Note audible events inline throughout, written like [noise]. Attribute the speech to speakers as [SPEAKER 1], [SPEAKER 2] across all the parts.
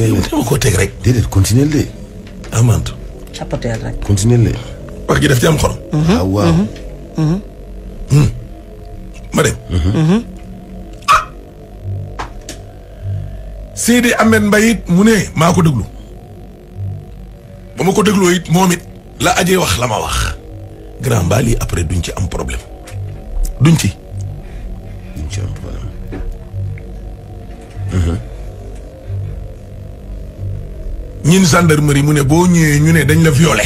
[SPEAKER 1] continuer leen dama ko teg rek. déedéet continuer leen. amande. capoteel rek. continuer leen. wax ji am xorom. Ah, mhm. mhm. hmm. mhm. ah. mu ne maa ko déglu ba ma ko dégloo it moom it la aje wax la ma wax. grand baa après duñ ci am problème duñ ñun yi mu ne boo ñëwee ñu ne dañ la violé.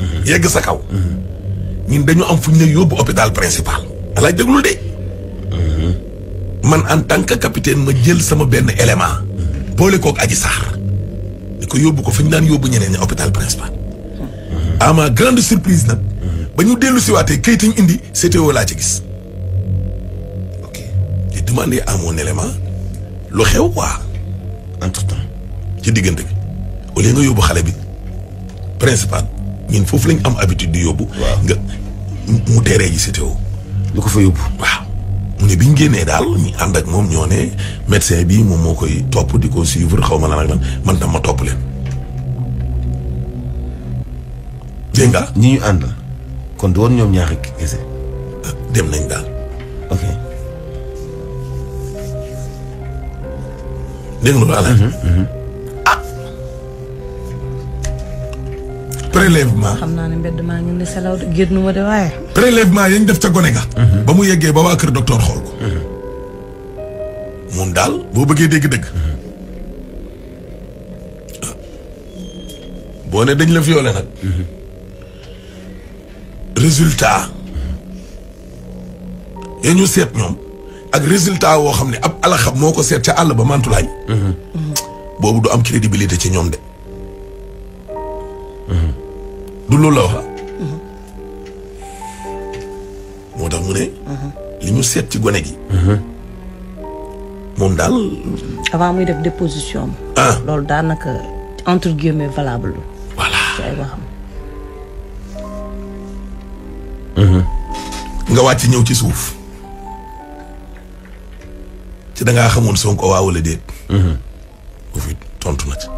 [SPEAKER 1] Mhm. yegg sa kaw. Mhm. ñun dañu am fu ñu la yóbbu hôpital principal. alaay déglu de. Mhm. man en tant que capitaine ma jël sama benn élément. boole kook aji saar. di ko yóbbu ko fi ñu daan yóbbu ñeneen ñi hôpital principal. à grande surprise nag. ba ñu dellu siwaatee kayit yi ñu indi CTO laa ci gis. ok j'ai demandé à lu xew quoi. entre temps ci diggante bi. au lieu nga yóbbu xale bi principal ñun foofu lañ am habitude di yóbbu. nga mu teree ji CTO. lu ko fa yóbbu. waaw mu ne bi ñu daal ñu ànd ak moom ñoo ne médecin bi moom moo koy topp di ko suivre xaw ma lan ak lan man tam ma topp leen. dégg nga. ñi ñu ànd kon du woon ñoom ñaari kese. Euh, dem nañ daal. ok. dégg nga loolu prélèvement xam naa ne mbedd maa ngi ne ma de waaye. prélèvement yañ def ca gone ga. Mhm. ba mu yeggee ba waa kër docteur xool ko. Mhm. moom daal boo bëggee dégg dëgg. Mhm. boo ne dañ la violé nag. résultat. ya seet ñoom. ak résultat woo xam ne ab alaxam moo ko seet ca àll ba mantulaay. boobu du am crédibilité ci ñoom de. du loolu la wax moo tax mu ne. li ñu seet ci gone gi. moom daal.
[SPEAKER 2] avant muy def déposition ah loolu daanaka entre guillemets valable. voilà
[SPEAKER 1] ci nga wàcc ñëw ci suuf. ci da ngaa xamoon Sonko waa wala déet. bu mhm. fi tontu na ci.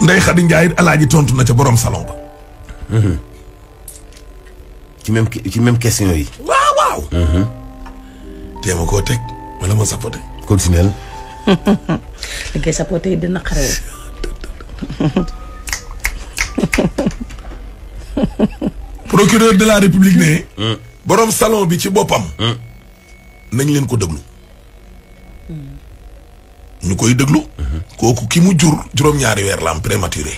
[SPEAKER 1] Ndeye Khady Ndiaye alaaji tontu na ca borom salon ba. ci même ci question yi. waaw waaw. Mhm. téema koo teg wala ma sapote. continuel.
[SPEAKER 2] li ngay sapote yi dina xarale.
[SPEAKER 1] procureur de la république ne. Mm. borom salon bi ci boppam. Mm. nañ leen ko déglu. Mm. ñu koy déglu. kooku ki mu jur juróom-ñaari weer la am prématuré.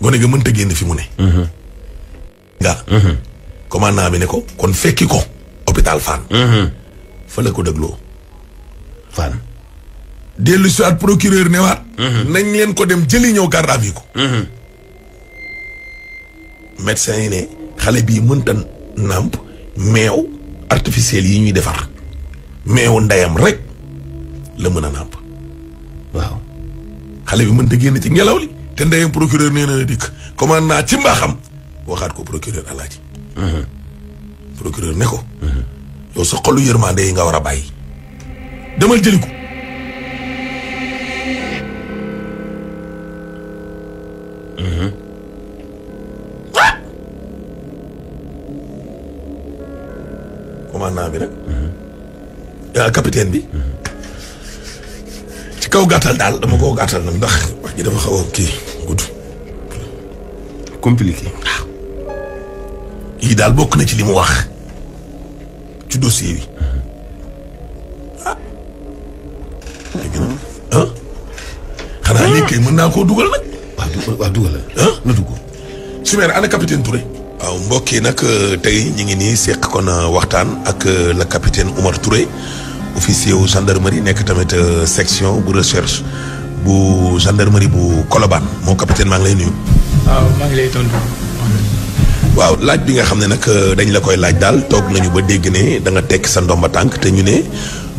[SPEAKER 1] gone ga mënta génn fi mu ne. nga. commandant bi ne ko kon fekki ko. hôpital Fann. fa la ko dégloo. Fann. dellu si waat procureur ne mhm. nañ leen ko dem jëli ñëw garde à vue ko. Mhm. médecin yi ne xale bii mënta nàmp meew artificiel yi ñuy defar meewu ndeyam rek. la mën a nàmp waaw xale bi mën ta génn ci ngelaw li te ndeyam procureur nee na dikk commande naa ci mbaaxam waxaat ko procureur alaaji mhm. procureur ne ko mhm. yow sa xolu yërmande yi nga war a bàyyi demal jëli ko mhm. commandant bi nag bi kaw gàttal daal dama koo gàttal nag ndax wax ji dafa xaw a kii gudd. compliqué. waaw daal bokk na ci limu wax ci dossier bi ah. dégg xanaa lii kay mën naa koo dugal nag. waaw dugal waaw dugal la. na dugg. Soumaire ana capitaine mbokk yi nag euh, tey ñu ngi nii seq kon euh, waxtaan ak euh, la capitaine Oumar Touré. officier wu gendarmerie nekk tamit euh, section bu recherche bu gendarmerie bu Colobane moo capitaine maa ngi lay nuyu.
[SPEAKER 2] waaw maa ngi lay tontu.
[SPEAKER 1] laaj bi nga xam ne nag euh, dañ la koy laaj daal toog nañu ba dégg ne da nga tekk sa ndomba tànk te ñu ne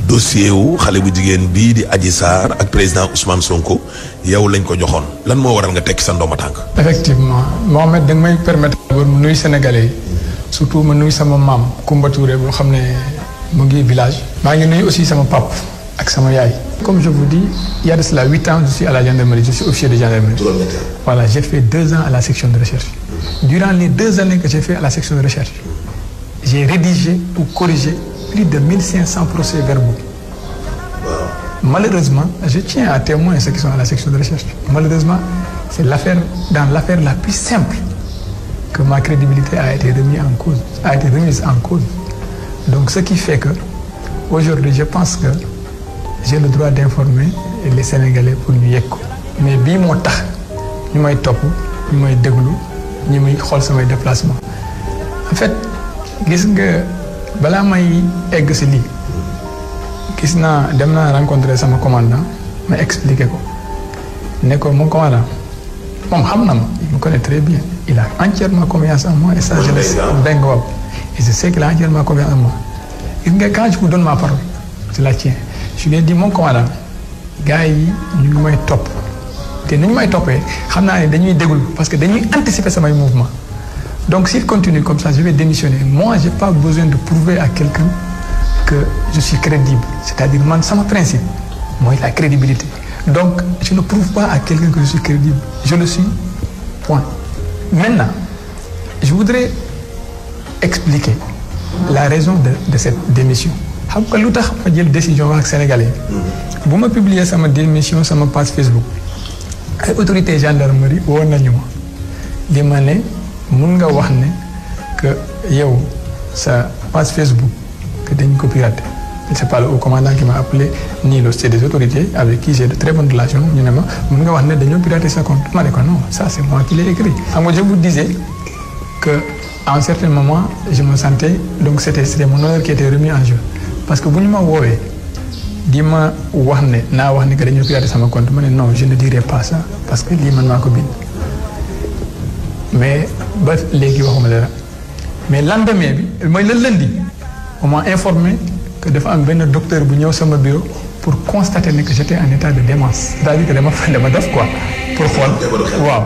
[SPEAKER 1] dossier wu xale bu jigéen bii di Adji Sarr ak président Ousmane Sonko yow lañ ko joxoon lan moo waral nga tekki sa ndomba tànk.
[SPEAKER 2] effectivement Mohamed da nga may permettre. ma nuyu Sénégalais surtout ma nuyu sama maam Koumba Touré xam ne. mu ngi village. maa ngi nuyu aussi sama pap ak sama yaay. comme je vous dis il y a de cela huit ans je suis à la gendarmerie je suis officier de gendarmerie. voilà j'ai fait deux ans à la section de recherche. durant les deux années que j'ai fait à la section de recherche. j'ai rédigé ou corrigé plus de mille cinq cents procès verbaux. malheureusement je tiens à témoin ceux qui sont à la section de recherche malheureusement c'est l'affaire dans l'affaire la plus simple que ma crédibilité Donc ce qui fait que aujourd'hui je pense que j'ai le droit d'informer les Sénégalais pour ñu yegg ko mais bii moo tax ñu may topp ñu may déglu ñu muy xool samay déplacement en fait gis nga balaa may egg si lii gis naa dem naa rencontrer sama commandant ma expliqué ko ne ko mon commandant moom xam na ma il me connaît très bien il a entièrement confiance en moi et ça je le sais Et je sais que là, actuellement, combien un mois. Quand je vous donne ma parole, je la tiens. gars yi ñu ngi may topp te ni ñu may toppee xam naa ne dañuy déglu parce que dañuy anticiper samay mouvement donc si continue comme ça je vais démissionner moi j'ai pas besoin de prouver à quelqu'un que je suis crédible c'est-à-dire man sama principe mooy la crédibilité donc je ne prouve pas à quelqu'un que je suis crédible je le suis point maintenant je voudrais expliquer la raison de de cette démission. xam nga lu tax ma jël décision wax ak sénégalais mm-hmm. bu ma publier sama démission sama page Facebook ay autorité gendarmerie woo nañu ma li ma ne mun nga wax ne que yow sa page Facebook que dañ ko piraté. c'est pas le haut commandant qui m'a appelé ni le c'est des autorités avec qui j'ai de très bonnes relations ñu ne ma mun nga wax ne dañoo piraté sa compte ma ne ko non ça c'est moi qui l'ai écrit. xam nga je vous disais que. en un certain moment je me sentais donc c'était c'était mon honneur qui était remis en jeu parce que bu ñu ma woowee di ma wax ne naa wax ne que dañu pirater sama compte ma ne non je ne dirai pas ça parce que lii man maa ko bind mais ba léegi waxuma dara mais lendemain bi mooy le lundi on m'a informé que dafa am benn docteur bu ñëw sama bureau pour constater ne que j'étais en état de démence cest à dama def quoi pour
[SPEAKER 1] xool
[SPEAKER 2] waaw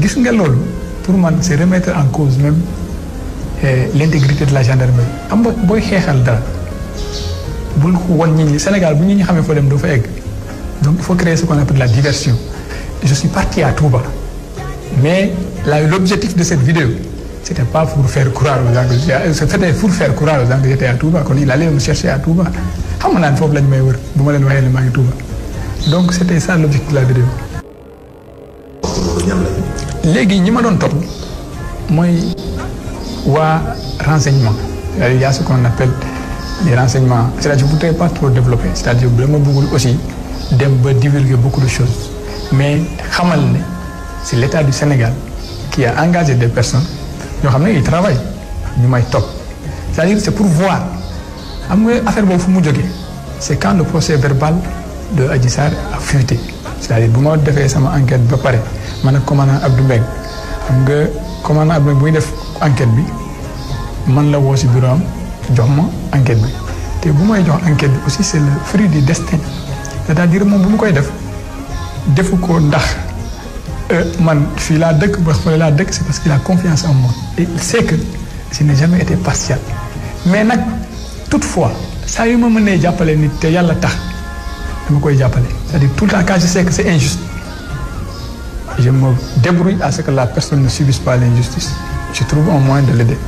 [SPEAKER 2] gis nga loolu pour man c'est remettre en cause même euh, l'intégrité de la gendarmerie am nga booy xeexal dara bul won ñi ñi Sénégal bu ñu ñu xamee foo dem doo fa egg donc il faut créer ce qu'on la diversion je suis parti à Touba mais là l'objectif de cette vidéo c'était pas pour faire croire aux Anglais c'était pour faire croire aux chercher à Touba xam naa foofu lañ may wër bu ma leen waxee ne maa ngi Touba donc c'était ça l'objectif la vidéo léegi ñi ma doon topp mooy waa renseignement il euh, y a ce qu'on appelle les renseignements c'est-à-dire je voudrais pas trop dama bëggul aussi dem ba divulguer beaucoup de choses mais xamal ne c'est Sénégal qui engagé des personnes ñoo xam ne ils ñu may topp c'est-à-dire pour voir am nga affaire boobu fu mu jógee c'est quand le procès verbal de Adji Sarr a fuité cest bu ma defee sama enquête ba pare man ak commandant Abdou Mbengue xam nga commandant Abdou buy def enquête bi man la woo si bureau am jox ma enquête bi te bu may jox enquête bi aussi c' est le fruit du destin cest à moom bu mu koy def defu ko ndax euh, man fii laa dëkk ba xoolee laa dëkk c' est parce qu'il a confiance en moi et il sait que jamais été partial mais nag toutefois saa yu ma mën mënee jàppale nit te yàlla tax dama koy jàppale cest dire tout le temps quand je sais je moo débrouille à ce que la personne ne subisse pas l'injustice je trouve un moyen de l'aider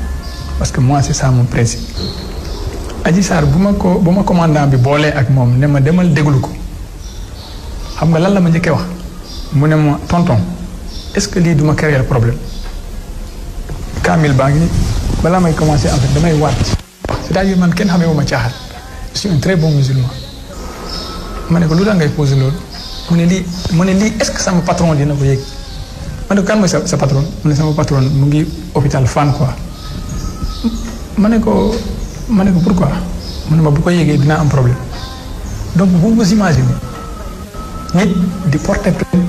[SPEAKER 2] parce que moi c'est ça mon principe Adji Sarr bu ma ko bu ma commandant bi boolee ak moom ne ma demal déglu ko xam nga lan la ma njëkkee wax mu ne ma tonton est-ce que lii duma créer problème Kamil baa ngi balaa may commencer en fait damay waat c'est-à-dire man kenn xamee wu ma caaxaan je suis un très bon musulman ma ne ko lu tax ngay poser loolu mu ne lii mu ne lii est-ce que sama patron dina ko yëg ma ne ko kan mooy sa sa patron mu ne sama patron mu ngi hôpital Fann quoi ma ne ko ma ne ko pourquoi mu ne ma bu ko yëgee dinaa am problème donc vous vous imaginez nit di porter plainte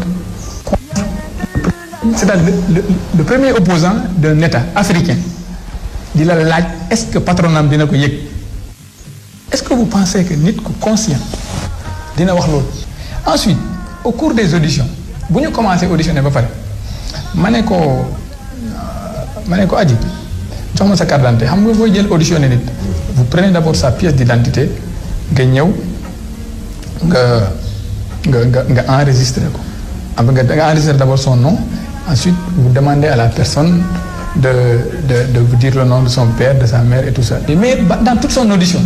[SPEAKER 2] contre c'est-à-dire le, le, le premier opposant d'un État africain di la laaj est-ce que patronam dina ko yëg est-ce que vous pensez que nit ku conscient dina wax loolu ensuite au cours des auditions bu ñu commencé auditionné ba pare ma ne ko euh, ma ne ko aji jox ma sa carte d'identité xam nga booy jël auditionné nit vous prenez d'abord sa pièce d'identité nga ñëw nga nga nga nga enregistré ko am ah, nga nga enregistré d'abord son nom ensuite vous demandez à la personne de de de vous dire le nom de son père de sa mère et tout ça mais dans toute son audition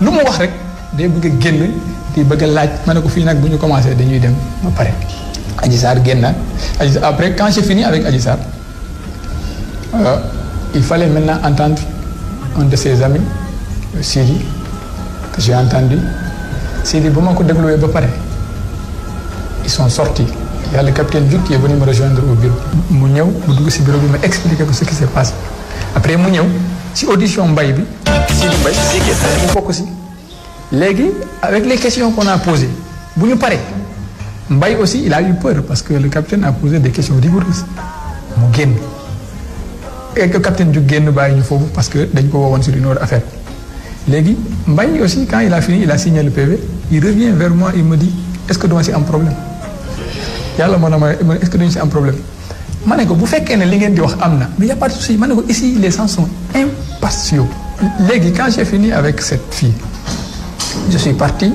[SPEAKER 2] lu mu wax rek day bëgg a génn di bëgg laaj ma ne ko fii nag bu ñu commencé dañuy dem ba pare. Adji Sarr génnaat Adji après quand fini avec Adji Sarr euh, il fallait maintenant entendre un de ses amis euh, Sidi que j'ai entendu Sidi bu ma ko dégluwee ba pare ils sont sortis il y a le capitaine Diouf qui est venu me rejoindre au mu ñëw mu dugg si bureau bi ma expliqué ko ce qui s'est passé après mu ñëw si audition mbay bi Sidi Mbay mu bokk si. léegi avec les questions qu'on a posées bu ñu paree mbay aussi il a eu peur parce que le capitaine a posé des questions rigoureuses mu génn et que capitaine ju génn bàyyi ñu foofu parce que dañ ko woowoon sur une autre affaire léegi Mbaye aussi quand il a fini il a signé le PV il revient vers moi il me dit est-ce que duma si am problème yàlla moo na ma est-ce que duñu si am problème ma ne ko bu fekkee ne li ngeen di wax am na mais y a ma ne ko ici les gens sont impatients léegi quand j'ai fini avec cette fille je suis parti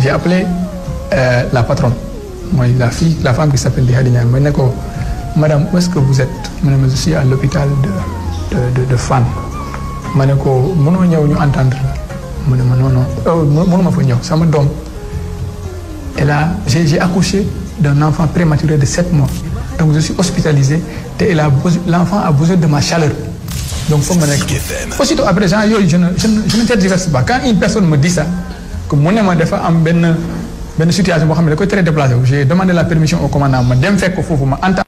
[SPEAKER 2] j'ai appelé euh, la patronne mooy la fi la femme qui s'appelle di Hadi Niang ma ne ko madame où est que vous êtes mu ma je suis à l'hôpital de de ma ne ko mënoo ñëw ñu entendre mu ne ma non non euh, mënuma fa ñëw sama doom et là j'ai j'ai accouché d'un enfant prématuré de sept mois donc je suis hospitalisé te il a besoin l'enfant a besoin de ma chaleur donc foog ma nekk aussitôt après gens yooyu je ne je ne je ne tergiverse pas une personne me dit ça que mu ne ma dafa am benn benn situation boo xam ne da koy très déplacé wu j'ai demandé la permission au commandant ma dem fekk foofu ma anta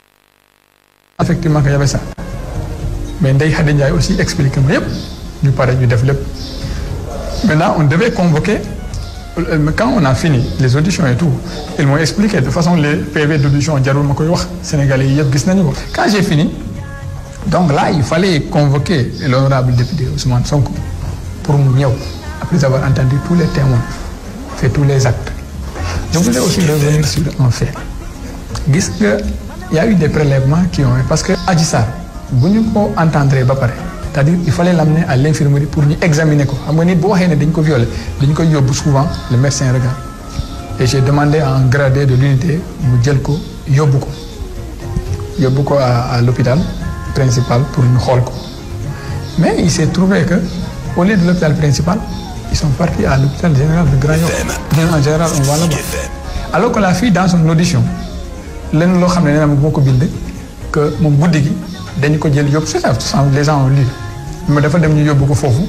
[SPEAKER 2] effectivement que y avait mais Ndeye Khady Ndiaye aussi expliquer ma yëpp ñu pare ñu def lépp maintenant on devait convoquer euh, quand on a fini les auditions et tout ils moo expliqué de façon les PV d'audition jarul ma koy wax sénégalais yi yëpp gis nañu ko quand j'ai fini donc là il fallait convoquer l'honorable député Ousmane pour mu ñëw après avoir entendu tous les témoins, fait tous les actes. Je voulais aussi revenir sur un gis nga y a eu des prélèvements qui ont parce que Adji Sarr bu ñu ko entendre ba pare c'est-à-dire il fallait l'amener à l'infirmerie pour ñu examiner ko xam nga nit bu waxee ne dañ ko violer dañ koy yóbbu souvent le médecin regarde et j'ai demandé à un gradé de l'unité mu jël ko yóbbu ko yóbbu ko à l'hôpital principal pour ñu xool ko mais il s'est trouvé que au Ils sont partis à l'hôpital général de Grand Yoff. Bien en général on va là-bas. alors que la fille dans son audition lenn loo xam ne nee na moo ko bindee que moom guddi gi dañu ko jël yóbbu c'est ça les gens ont lu mais dafa dem ñu yóbbu ko foofu.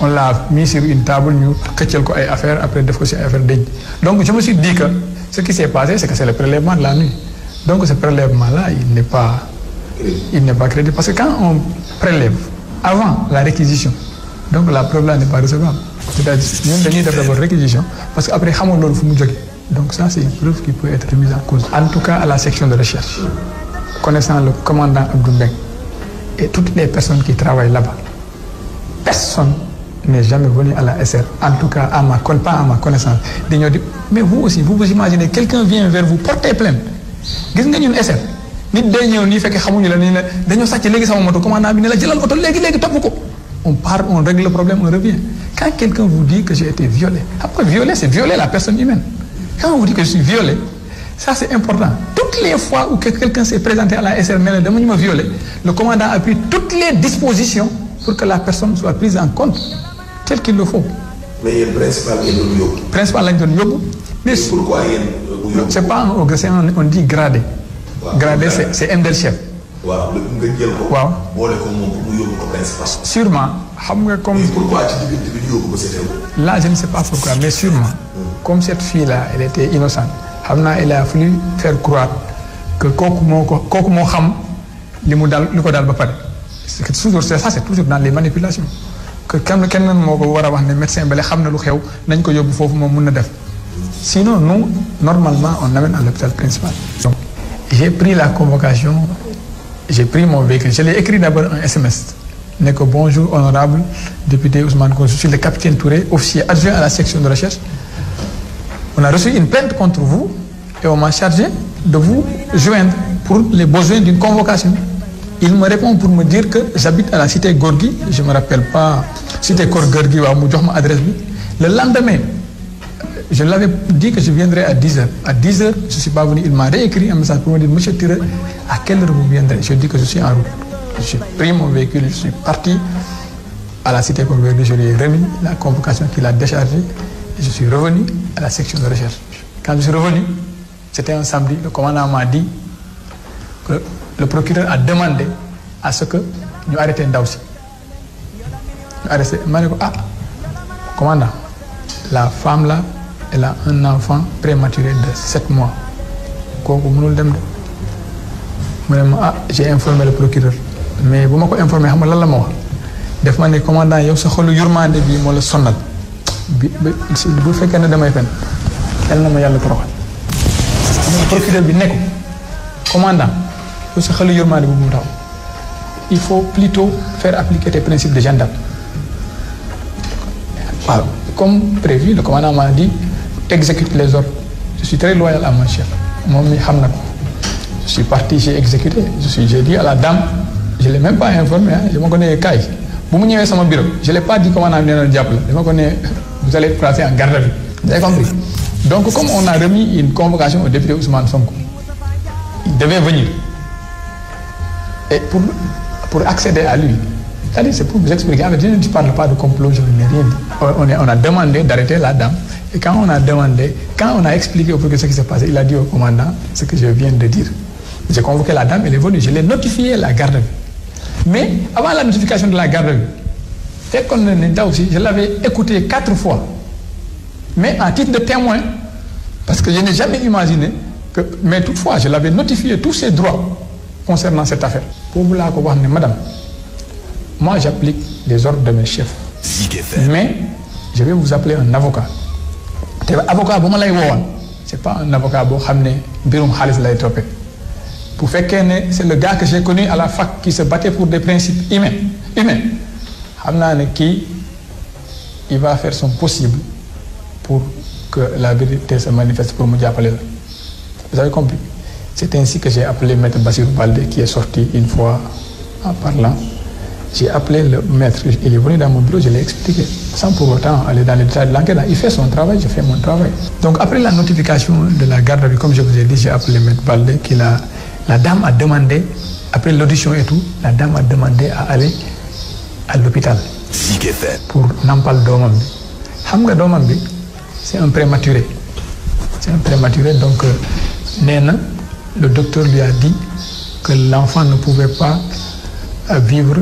[SPEAKER 2] on l'a mis sur une table ñu xëccal ko ay affaire après def ko ci affaire dëj donc je me suis dit que ce qui s'est passé c'est que c'est le prélèvement de la nuit donc ce prélèvement là il n'est pas il n'est pas crédible parce que quand on prélève avant la réquisition donc la preuve là n'est pas recevable c'est-à-dire ñoom dañuy def d'abord réquisition parce que après xamoon loolu fu mu jógee donc ça c'est une qui peut être remise en cause en tout cas à la section de recherche connaissant le commandant Abdou Mbeng et toutes les personnes qui travaillent là-bas personne jamais venu à la SR en tout cas à ma pas à ma connaissance dañoo di mais vous aussi vous vous imaginez quelqu'un vient vers vous porter plainte gis nga ñun SR nit day nii fekk xamuñu la nii la dañoo sàcc léegi sama léegi léegi ko On part, on règle le problème, on revient. Quand quelqu'un vous dit que j'ai été violé, après violer, c'est violer la personne humaine. Quand on vous dit que je suis violé, ça c'est important. Toutes les fois où quelqu'un s'est présenté à la SRML et demandé me violer, le commandant a pris toutes les dispositions pour que la personne soit prise en compte, tel qu'il le faut. Mais C'est pas on dit gradé. Wow. Gradé, c'est un chef.
[SPEAKER 1] waaw lépp waaw boole ko
[SPEAKER 2] xam nga comme. pourquoi ci
[SPEAKER 1] diggante bi yóbbu
[SPEAKER 2] hmm. comme cette fille là elle était innocente. xam naa il a fallu faire croire kooku moo ko kooku moo xam li mu dal li ko daal ba pare. parce que toujours c'est ça c'est toujours dans les manipulations. que kenn kenn moo ko war a wax ne médecin bale xam na lu xew nañ ko yóbbu foofu moom mun na def. sinon nous normalement on amène à l'hôpital principal. donc pris la convocation. j'ai pris mon véhicule je l'ai écrit d'abord un SMS ne ko bonjour honorable député Ousmane Kourou je suis le capitaine Touré officier adjoint à la section de recherche on a reçu une plainte contre vous et on m'a chargé de vous joindre pour les besoins d'une convocation il me répond pour me dire que j'habite à la cité Gorgui je me rappelle pas cité Gorgui waaw mu jox ma adresse bi le lendemain je l'avais dit que je viendrais à 10h. À 10h, je suis pas venu. Il m'a réécrit un message pour me dire Monsieur Tireur, à quelle heure vous Je dis que je suis en route. J'ai pris mon véhicule, je suis parti à la cité convergée, je lui ai remis la convocation qu'il a déchargée. Je suis revenu à la section de recherche. Quand je suis revenu, c'était un samedi, le commandant m'a dit que le procureur a demandé à ce que ñu arrêté ndaw si ñu arrêté ma ne ah, la elle a un enfant prématuré de sept mois kooku mënul dem de mu ne ma ah j'ai informé le procureur mais bu ma ko informé xam nga lan la ma wax def ma ne commandant yow sa xolu yurmande bi moo la sonal bi bu fekkee ne damay fen yal na ma yàlla toroxal procureur bi ne commandant yow sa xolu yurmande bi bu mu taxaw il faut pluto faire appliquer tes principes de gendarme waaw comme prévu le commandant m'a dit exécute les ordres je suis très loyal à mon moom mi xam na ko je suis parti j'ai exécuté je suis à la dame je l'ai même pas informé ah je ma ko nee kaay bu mu ñëwee sama bureau je l'ai pas dit comment naa nee na jàpp la dama ko nee vous allez placer en garde à donc comme on a remis une convocation au député Ousmane Sonko il devait venir et pour pour accéder à lui c'est-à-dire c'est pour vous expliquer en fait je ne parle pas de complot je n'ai rien on a demandé d'arrêter la dame Et quand on a demandé, quand on a expliqué au procureur ce qui s'est passé, il a dit au commandant ce que je viens de dire. J'ai convoqué la dame, elle est venue, je l'ai notifié la garde vue. Mais avant la notification de la garde vue, dès qu'on aussi, je l'avais écouté quatre fois. Mais à titre de témoin, parce que je n'ai jamais imaginé que. Mais toutefois, je l'avais notifié tous ses droits concernant cette affaire. Pour vous la madame, moi j'applique les ordres de mes chefs. Mais je vais vous te avocat bu ma lay woowoon c'est pas un avocat boo xam ne mbirum xaalis lay toppee bu fekkee ne c'est le gars que j'ai connu à la fac qui se battait pour des principes humains humains xam naa ne kii il va faire son possible pour que la vérité se manifeste pour mu jàppale la vous avez compris c'est ainsi que j'ai appelé maître Bassirou sorti une fois en parlant j'ai appelé le maître il est venu dans mon bureau je l'ai expliqué sans pour autant aller dans les détails de l'enquête. Il fait son travail, je fais mon travail. Donc après la notification de la garde à vue, comme je vous ai dit, j'ai appelé Maître Baldé, qui la, la dame a demandé, après l'audition et tout, la dame a demandé à aller à l'hôpital. Pour Nampal Domam. Hamga Domam, c'est un prématuré. C'est un prématuré, donc euh, le docteur lui a dit que l'enfant ne pouvait pas euh, vivre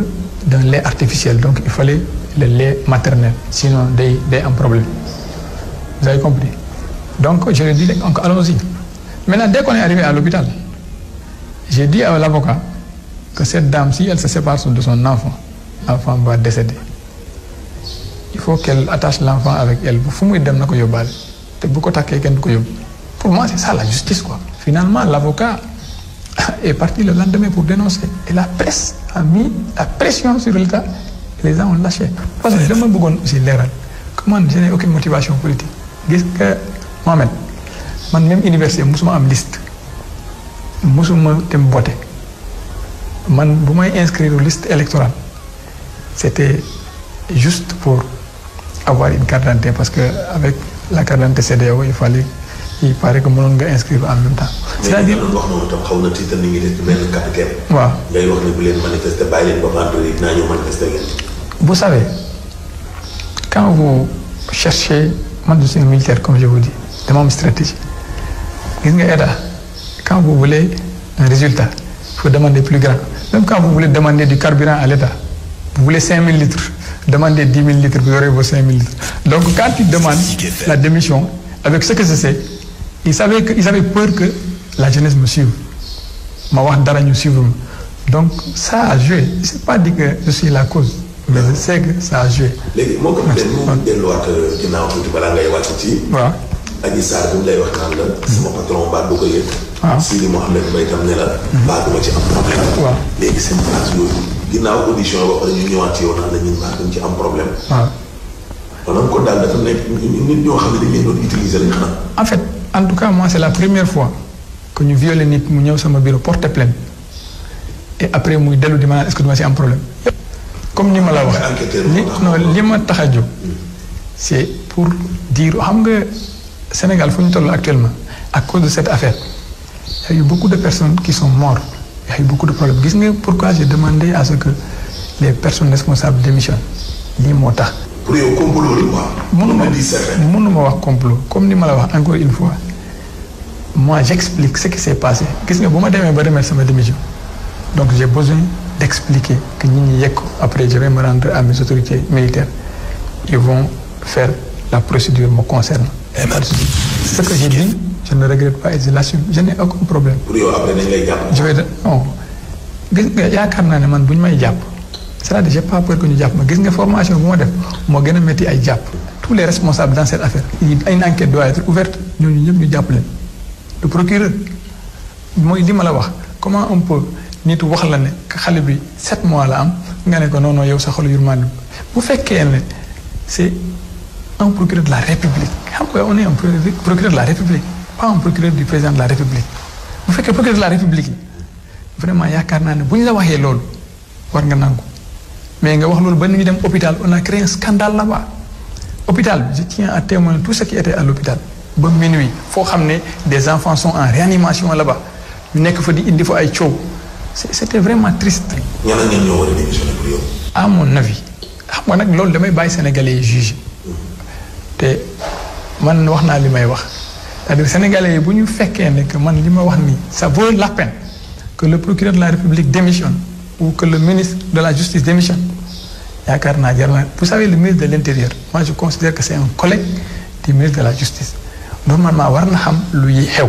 [SPEAKER 2] dans lait artificiel. Donc il fallait le lait maternel sinon day day am problème vous avez compris donc je lui ai dit donc allons-y maintenant dès qu'on est arrivé à l'hôpital j'ai dit à l'avocat que cette dame si elle se sépare de son enfant l'enfant va décéder il faut qu'elle attache l'enfant avec elle fu muy dem na ko yóbbaale te bu ko takkee kenn du ko yóbbu pour moi c'est ça la justice quoi finalement l'avocat [laughs] est parti le lendemain pour dénoncer et la presse a mis la pression sur l'État les gens ont parce que dama bëggoon aussi leeral que man je motivation politique gis nga Mohamed man même université mosuma am liste mosuma dem vote man bu may inscrire liste électorale c'était juste pour avoir une carte parce que avec la carte d'identité CEDEAO il fallait il paraît que mënoon nga inscrire en même temps. cest Vous savez, quand vous cherchez, moi je suis un militaire comme je vous dis, demande stratégie. Quand vous voulez un résultat, il faut demander plus grand. Même quand vous voulez demander du carburant à l'État, vous voulez 5000 litres, demandez 10 000 litres, vous aurez vos 5000 litres. Donc quand ils demandent la démission, avec ce que je sais, ils savaient, que, ils avaient peur que la jeunesse me suive. Ma nous suivre. Donc ça a joué. Je ne pas dit que je suis la cause. mais c'est que ça a joué.
[SPEAKER 1] léegi moo ko benn delluwaat euh, ginnaaw tuuti balaa ngay wàcc ci.
[SPEAKER 2] waaw. Adji Sarr bi mu lay la. Hmm. sama patron Ba du ko yëg. waaw Sidi Mouhamed tam ne la. Hmm. Ba ci am problème. waaw léegi seen place
[SPEAKER 1] ginnaaw audition ci yow naan la ñun ci am problème. waaw. maanaam kon daal dafa nekk nit ñoo xam ne dañ leen doon utiliser
[SPEAKER 2] lañ xanaa. en fait en tout cas moi c'est la première fois que ñu violé nit mu ñëw sama bureau porte plainte et après muy dellu di ma naan est-ce ci am problème. comme ni ma la wax li non li ma tax a jóg c' est pour diir xam nga Sénégal fu ñu toll actuellement ak cause de cette affaire y a eu de personnes qui sont mortes y a eu de problèmes gis nga pourquoi j'ai demandé à ce que les personnes responsables démissionnent lii moo tax. pour ma complot la quoi. mënuma mënuma wax complot comme ni ma la wax encore une fois moi j' explique ce qui s' est passé gis nga bu ma demee ba remettre sama démission donc j'ai besoin. d'expliquer que nit ñi yegg ko après je vais me rendre à mes autorités militaires ils vont la procédure me concerne. Eh ce que j'ai dit je ne regrette pas et je l'assume je n'ai problème. gis nga yaakaar naa ne man bu ñu may jàpp c'est-à-dire j'ai pas peur que ñu jàpp ma gis nga formation bu ma def moo gën a métti ay jàpp. tous les responsables dans cette affaire. une enquête doit être ouverte ñooñu ñëpp ñu jàpp leen le procureur mooy li ma la wax comment on peut. nit wax la ne xale bi sept mois la am nga ne ko non yow sa xolu yurmande bu fekkee ne c'est un procureur de la république xam nga on est un procureur de la république pas un procureur du président la république bu fekkee procureur de la vraiment yaakaar naa ne bu ñu la waxee loolu war nga nangu mais nga wax loolu ba ñu dem hôpital on a créé un scandale là-bas hôpital bi je tiens à tout ce qui était à l'hôpital ba foo xam ne des enfants sont en réanimation là-bas ñu nekk fa di indi fa ay coow. c'était vraiment triste.
[SPEAKER 1] ñan ak ñan ñoo war a démissionner pour yow.
[SPEAKER 2] à mon avis xam nga nag loolu damay bàyyi sénégalais yi juge te man wax naa li may wax c'est-à-dire sénégalais yi bu ñu fekkee ne que man li ma wax nii ça vaut la peine que le procureur de la république démissionne ou que le ministre de la justice démissionne yaakaar naa jar naa vous savez le ministre de l'intérieur moi je considère que c'est un collègue du ministre de la justice normalement war na xam
[SPEAKER 1] luy xew.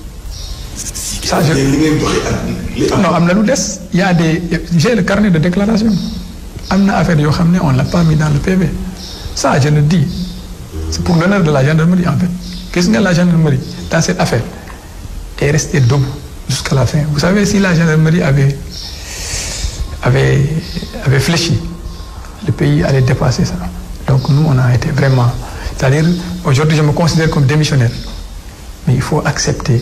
[SPEAKER 1] changé
[SPEAKER 2] am. non am na lu des y a des le carnet de déclaration am na affaire yoo xam ne on l'a pas mis dans le PV ça je le c'est pour l'honneur de la gendarmerie en fait gis nga la gendarmerie dans cette affaire est restée debout jusqu'à la fin vous savez si la gendarmerie avait avait avait fléchi le pays allait dépasser ça donc nous on a été vraiment c'est-à-dire aujourd'hui je me considère comme démissionnaire mais il faut accepter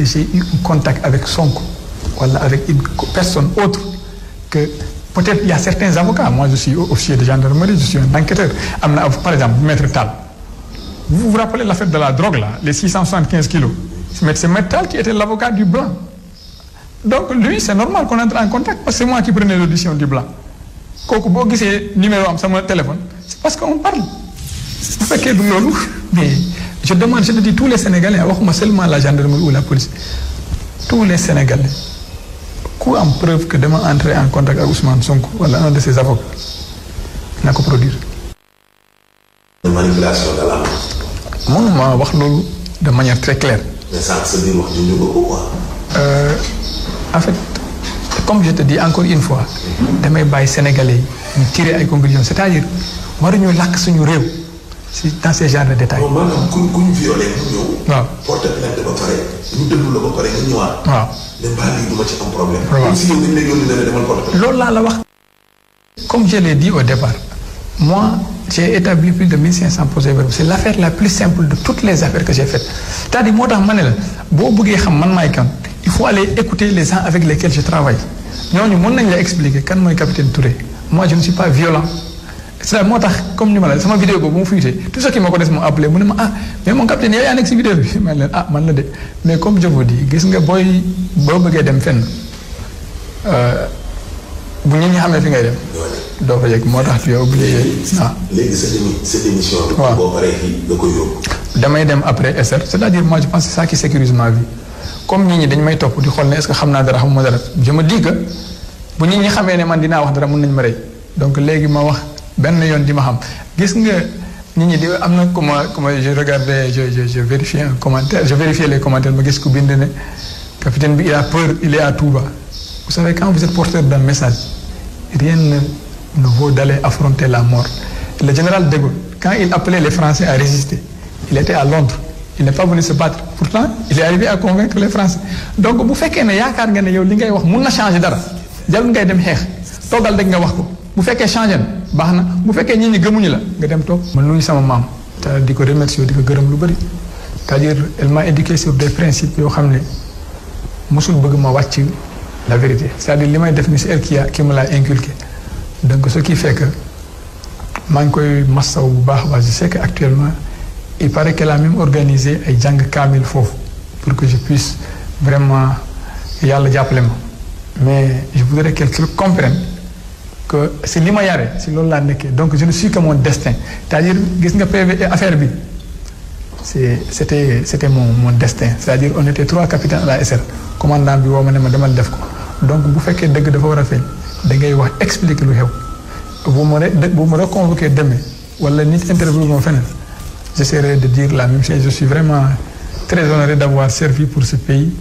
[SPEAKER 2] que j'ai eu un contact avec Sonko wala avec une personne autre que peut-être il y a certains avocats moi je suis officier de gendarmerie je suis un enquêteur am na par exemple maître Tall vous vous rappelez l'affaire de la drogue là les 675 kilos c'est maître Tall qui était l'avocat du blanc donc lui c'est normal qu'on entre en contact parce que c'est moi qui prenais l'audition du blanc kooku boo gisee numéro am sama téléphone c'est parce qu'on parle je demande je te dis tous les sénégalais waxuma seulement la gendarmerie ou la police tous les sénégalais ku am preuve que en contact ak Ousmane Sonko wala un de ses ko produire.
[SPEAKER 1] manipulation
[SPEAKER 2] wax loolu de manière très claire. Euh, encore une fois. Mm-hmm. damay bàyyi sénégalais yi ñu tirer ay conclusions c'est-à-dire waruñu làkk suñu réew. si ci am
[SPEAKER 1] problème. waaw si yow dañu
[SPEAKER 2] loolu laa la wax. comme je l'ai dit au départ moi j'ai établi plus de 1500 procès-verbaux c'est l'affaire la plus simple de toutes les affaires que j'ai faites cest moo tax ma ne la boo bëggee xam man maay kan il faut aller écouter les gens avec lesquels je travaille ñooñu mën nañ la expliquer kan mooy capitaine Touré moi je ne suis pas violent. c'est moo tax comme ni ma sama vidéo boobu mu fuite tout ko des mu appelé mu ne ma ah [laughs] man leen ah, de mais comme je vous dis gis nga booy boo bëggee dem fenn euh, bu ñun ñi xam ne ngay dem. doo fa yegg moo tax yow obligé. ah léegi waaw boo dem après SR c'est-à-dire moi je pense c'est ça qui sécurise ma vie comme nit ñi dañ may topp di xool ne est-ce que xam naa dara xamuma dara je me dis que bu nit ñi xamee ne man dinaa wax dara mun nañ ma rey donc léegi ma wax. benn yoon di ma xam gis nga nit ñi di am na ku ma ku ma je regardais je je je un commentaire je vérifiais les commentaires ma gis ku bind ne capitaine bi il a peur il est à Touba. vous savez quand vous êtes porteur d'un message rien ne vaut dalee affronter la mort le général de Gaulle quand il appelait les Français à résister il était à Londres il n'est pas venu se battre pourtant il est arrivé à convaincre les Français donc bu fekkee ne yaakaar nga ne yow li ngay wax mun na changer dara jarul ngay dem xeex toogal rek nga wax ko. bu fekkee changé na baax na bu fekkee ñi ñi gëmuñu la nga dem toog. mën lu ñu sama maam te di ko remercier di ko gërëm lu bëri c'est-à-dire elle m'a sur des principes yoo xam ne mosul bëgg ma wàcc la vérité c'est-à-dire li may def ni si elle qui a qui me l'a donc ce kii fait maa ngi koy massaw bu baax waa je sais que actuellement il paraît qu'elle a même organisé ay jàng kaamil foofu pour que je puisse vraiment yàlla jàppale ma mais je voudrais que quelqu'un que si li ma yare si loolu laa nekkee donc je ne suis que mon destin c'est-à-dire gis nga PV e affaire bi c'est c'était c'était mon mon destin c'est-à-dire on la SR commandant bi woo ma ne ma demal def ko donc bu fekkee dëgg dafa war a feeñ da ngay wax expliquer lu xew bu ma re bu ma reconvoqué demee wala nit interview moom feneen j'essaierai de dire la même chose je suis vraiment très honoré d'avoir servi pour ce pays